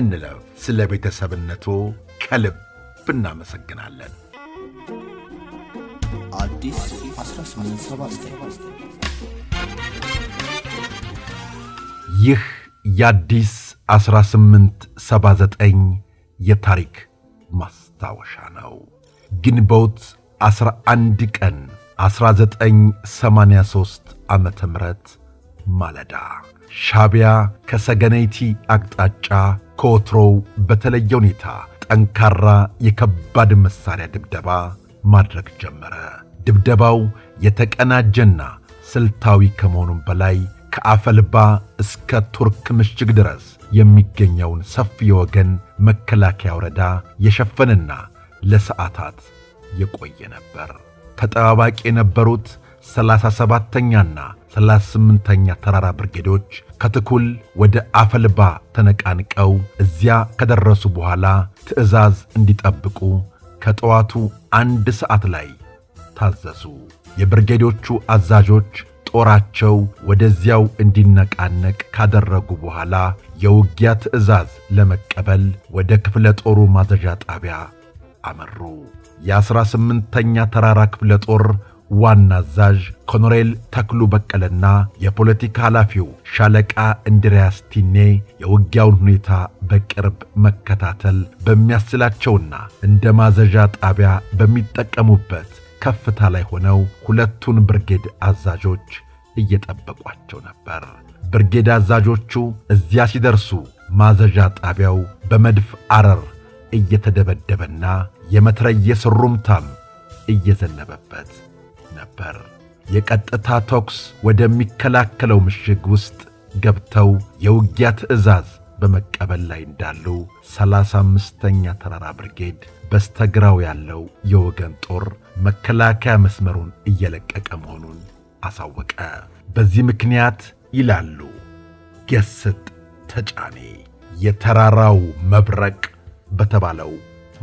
እንለፍ። ስለ ቤተሰብነቱ ከልብ እናመሰግናለን። ይህ የአዲስ 1879 የታሪክ ማስታወሻ ነው። ግንቦት 11 ቀን 1983 ዓ ም ማለዳ ሻቢያ ከሰገነይቲ አቅጣጫ ከወትሮው በተለየ ሁኔታ ጠንካራ የከባድ መሣሪያ ድብደባ ማድረግ ጀመረ። ድብደባው የተቀናጀና ስልታዊ ከመሆኑም በላይ ከአፈልባ እስከ ቱርክ ምሽግ ድረስ የሚገኘውን ሰፊ የወገን መከላከያ ወረዳ የሸፈነና ለሰዓታት የቆየ ነበር። ተጠባባቂ የነበሩት 37 ተኛና 38 ተኛ ተራራ ብርጌዶች ከትኩል ወደ አፈልባ ተነቃንቀው እዚያ ከደረሱ በኋላ ትዕዛዝ እንዲጠብቁ ከጠዋቱ አንድ ሰዓት ላይ ታዘዙ። የብርጌዶቹ አዛዦች ጦራቸው ወደዚያው እንዲነቃነቅ ካደረጉ በኋላ የውጊያ ትዕዛዝ ለመቀበል ወደ ክፍለ ጦሩ ማዘዣ ጣቢያ አመሩ። የ የ18ኛ ተራራ ክፍለ ጦር ዋና አዛዥ ኮሎኔል ተክሉ በቀለና የፖለቲካ ኃላፊው ሻለቃ እንድሪያስ ቲኔ የውጊያውን ሁኔታ በቅርብ መከታተል በሚያስችላቸውና እንደ ማዘዣ ጣቢያ በሚጠቀሙበት ከፍታ ላይ ሆነው ሁለቱን ብርጌድ አዛዦች እየጠበቋቸው ነበር። ብርጌድ አዛዦቹ እዚያ ሲደርሱ ማዘዣ ጣቢያው በመድፍ አረር እየተደበደበና የመትረየስ ሩምታም እየዘነበበት ነበር። የቀጥታ ተኩስ ወደሚከላከለው ምሽግ ውስጥ ገብተው የውጊያ ትዕዛዝ በመቀበል ላይ እንዳሉ 35ኛ ተራራ ብርጌድ በስተግራው ያለው የወገን ጦር መከላከያ መስመሩን እየለቀቀ መሆኑን አሳወቀ። በዚህ ምክንያት ይላሉ ገስጥ ተጫኔ የተራራው መብረቅ በተባለው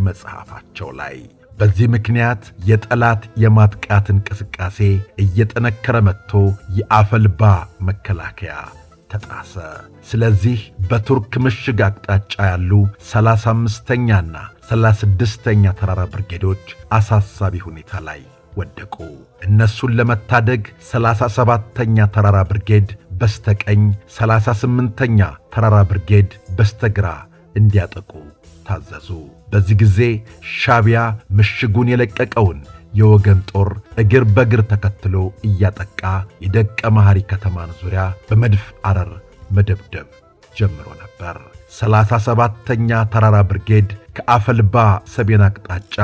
መጽሐፋቸው ላይ በዚህ ምክንያት የጠላት የማጥቃት እንቅስቃሴ እየጠነከረ መጥቶ የአፈልባ መከላከያ ተጣሰ። ስለዚህ በቱርክ ምሽግ አቅጣጫ ያሉ 35ኛና 36ኛ ተራራ ብርጌዶች አሳሳቢ ሁኔታ ላይ ወደቁ። እነሱን ለመታደግ 37ኛ ተራራ ብርጌድ በስተቀኝ፣ 38ኛ ተራራ ብርጌድ በስተግራ እንዲያጠቁ ታዘዙ። በዚህ ጊዜ ሻቢያ ምሽጉን የለቀቀውን የወገን ጦር እግር በእግር ተከትሎ እያጠቃ የደቀ መሐሪ ከተማን ዙሪያ በመድፍ አረር መደብደብ ጀምሮ ነበር። ሰላሳ ሰባተኛ ተራራ ብርጌድ ከአፈልባ ሰቤን አቅጣጫ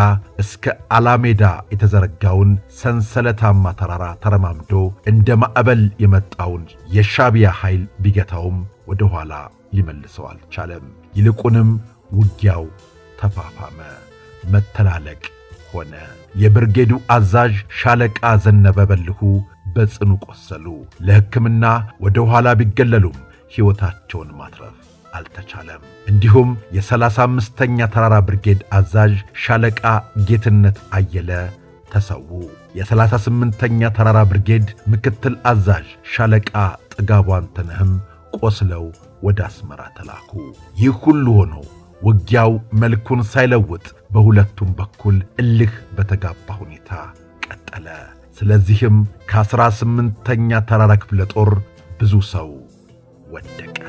እስከ አላሜዳ የተዘረጋውን ሰንሰለታማ ተራራ ተረማምዶ እንደ ማዕበል የመጣውን የሻቢያ ኃይል ቢገታውም ወደ ኋላ ሊመልሰው አልቻለም። ይልቁንም ውጊያው ተፋፋመ፣ መተላለቅ ሆነ። የብርጌዱ አዛዥ ሻለቃ ዘነበ በልሁ በጽኑ ቆሰሉ። ለሕክምና ወደ ኋላ ቢገለሉም ሕይወታቸውን ማትረፍ አልተቻለም። እንዲሁም የሰላሳ አምስተኛ ተራራ ብርጌድ አዛዥ ሻለቃ ጌትነት አየለ ተሰዉ። የሰላሳ ስምንተኛ ተራራ ብርጌድ ምክትል አዛዥ ሻለቃ ጥጋቧን አንተነህም ቆስለው ወደ አስመራ ተላኩ። ይህ ሁሉ ሆኖ ውጊያው መልኩን ሳይለውጥ በሁለቱም በኩል እልህ በተጋባ ሁኔታ ቀጠለ። ስለዚህም ከአስራ ስምንተኛ ተራራ ክፍለ ጦር ብዙ ሰው ወደቀ።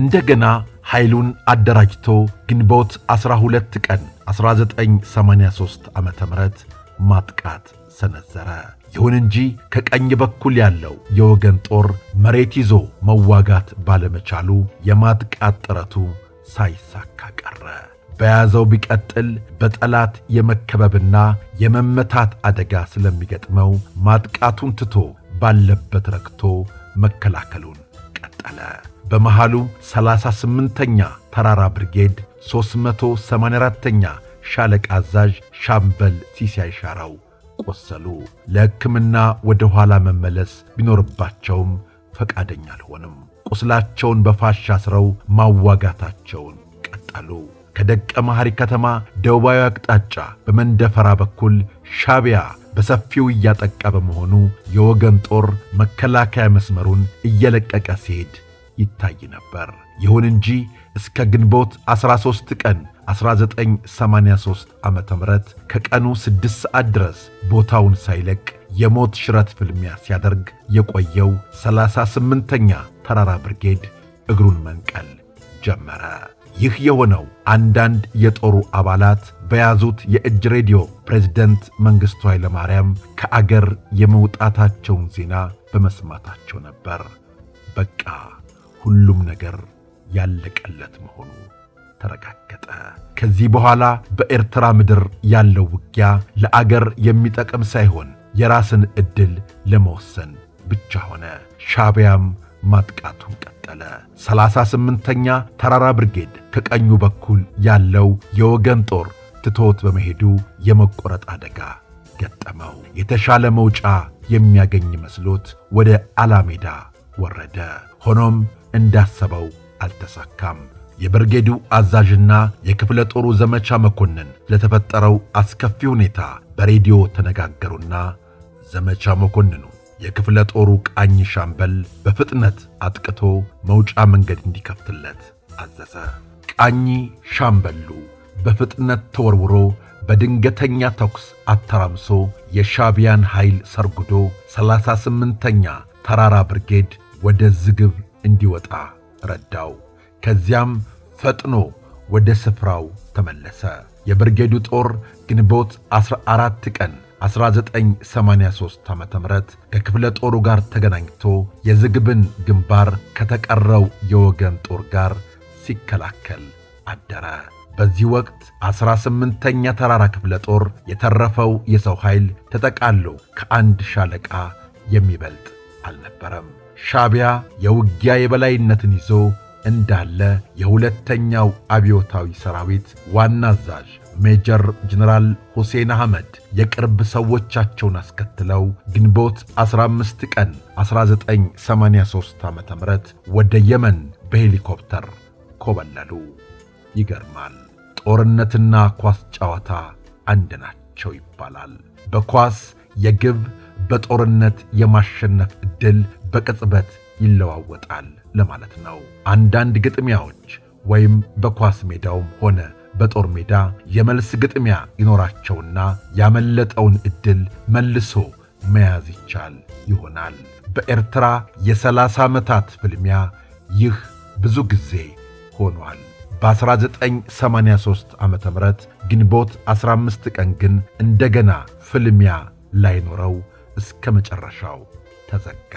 እንደገና ኃይሉን አደራጅቶ ግንቦት 12 ቀን 1983 ዓ.ም ማጥቃት ሰነዘረ። ይሁን እንጂ ከቀኝ በኩል ያለው የወገን ጦር መሬት ይዞ መዋጋት ባለመቻሉ የማጥቃት ጥረቱ ሳይሳካ ቀረ። በያዘው ቢቀጥል በጠላት የመከበብና የመመታት አደጋ ስለሚገጥመው ማጥቃቱን ትቶ ባለበት ረክቶ መከላከሉን ቀጠለ። በመሃሉ 38ኛ ተራራ ብርጌድ 384ኛ ሻለቃ አዛዥ ሻምበል ሲሳይ ሻራው ቆሰሉ። ለሕክምና ወደ ኋላ መመለስ ቢኖርባቸውም ፈቃደኛ አልሆንም። ቁስላቸውን በፋሻ አስረው ማዋጋታቸውን ቀጠሉ። ከደቀ መሐሪ ከተማ ደቡባዊ አቅጣጫ በመንደፈራ በኩል ሻቢያ በሰፊው እያጠቃ በመሆኑ የወገን ጦር መከላከያ መስመሩን እየለቀቀ ሲሄድ ይታይ ነበር። ይሁን እንጂ እስከ ግንቦት 13 ቀን 1983 ዓ ም ከቀኑ 6 ሰዓት ድረስ ቦታውን ሳይለቅ የሞት ሽረት ፍልሚያ ሲያደርግ የቆየው 38ኛ ተራራ ብርጌድ እግሩን መንቀል ጀመረ። ይህ የሆነው አንዳንድ የጦሩ አባላት በያዙት የእጅ ሬዲዮ ፕሬዝደንት መንግሥቱ ኃይለማርያም ከአገር የመውጣታቸውን ዜና በመስማታቸው ነበር። በቃ ሁሉም ነገር ያለቀለት መሆኑ ተረጋገጠ። ከዚህ በኋላ በኤርትራ ምድር ያለው ውጊያ ለአገር የሚጠቅም ሳይሆን የራስን ዕድል ለመወሰን ብቻ ሆነ። ሻቢያም ማጥቃቱን ቀጠለ። ሰላሳ ስምንተኛ ተራራ ብርጌድ ከቀኙ በኩል ያለው የወገን ጦር ትቶት በመሄዱ የመቆረጥ አደጋ ገጠመው። የተሻለ መውጫ የሚያገኝ መስሎት ወደ አላሜዳ ወረደ። ሆኖም እንዳሰበው አልተሳካም። የብርጌዱ አዛዥና የክፍለ ጦሩ ዘመቻ መኮንን ለተፈጠረው አስከፊ ሁኔታ በሬዲዮ ተነጋገሩና ዘመቻ መኮንኑ የክፍለ ጦሩ ቃኝ ሻምበል በፍጥነት አጥቅቶ መውጫ መንገድ እንዲከፍትለት አዘዘ። ቃኝ ሻምበሉ በፍጥነት ተወርውሮ በድንገተኛ ተኩስ አተራምሶ የሻቢያን ኃይል ሰርጉዶ 38ኛ ተራራ ብርጌድ ወደ ዝግብ እንዲወጣ ረዳው። ከዚያም ፈጥኖ ወደ ስፍራው ተመለሰ። የብርጌዱ ጦር ግንቦት 14 ቀን 1983 ዓ ም ከክፍለ ጦሩ ጋር ተገናኝቶ የዝግብን ግንባር ከተቀረው የወገን ጦር ጋር ሲከላከል አደረ። በዚህ ወቅት 18ኛ ተራራ ክፍለ ጦር የተረፈው የሰው ኃይል ተጠቃሎ ከአንድ ሻለቃ የሚበልጥ አልነበረም። ሻቢያ የውጊያ የበላይነትን ይዞ እንዳለ የሁለተኛው አብዮታዊ ሰራዊት ዋና አዛዥ ሜጀር ጀነራል ሁሴን አህመድ የቅርብ ሰዎቻቸውን አስከትለው ግንቦት 15 ቀን 1983 ዓ ም ወደ የመን በሄሊኮፕተር ኮበለሉ። ይገርማል። ጦርነትና ኳስ ጨዋታ አንድ ናቸው ይባላል። በኳስ የግብ በጦርነት የማሸነፍ ዕድል በቅጽበት ይለዋወጣል ለማለት ነው። አንዳንድ ግጥሚያዎች ወይም በኳስ ሜዳውም ሆነ በጦር ሜዳ የመልስ ግጥሚያ ይኖራቸውና ያመለጠውን ዕድል መልሶ መያዝ ይቻል ይሆናል። በኤርትራ የሰላሳ ዓመታት ፍልሚያ ይህ ብዙ ጊዜ ሆኗል። በ1983 ዓ ም ግንቦት 15 ቀን ግን እንደገና ፍልሚያ ላይኖረው እስከ መጨረሻው ተዘጋ።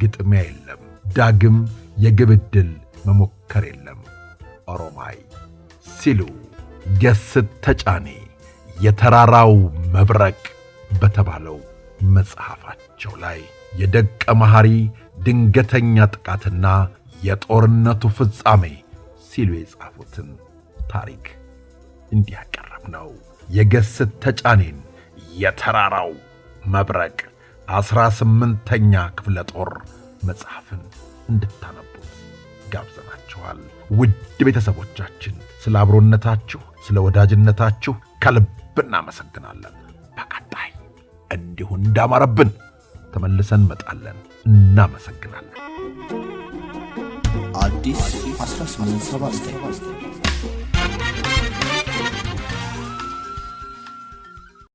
ግጥሚያ የለም። ዳግም የግብ ዕድል መሞከር የለም። ኦሮማይ ሲሉ ገስት ተጫኔ የተራራው መብረቅ በተባለው መጽሐፋቸው ላይ የደቀ መሐሪ ድንገተኛ ጥቃትና የጦርነቱ ፍጻሜ ሲሉ የጻፉትን ታሪክ እንዲያቀረብ ነው። የገስት ተጫኔን የተራራው መብረቅ አስራ ስምንተኛ ክፍለ ጦር መጽሐፍን እንድታነቡት ጋብዘናችኋል። ውድ ቤተሰቦቻችን ስለ አብሮነታችሁ፣ ስለ ወዳጅነታችሁ ከልብ እናመሰግናለን። በቀጣይ እንዲሁ እንዳማረብን ተመልሰን መጣለን እናመሰግናለን። አዲስ 1879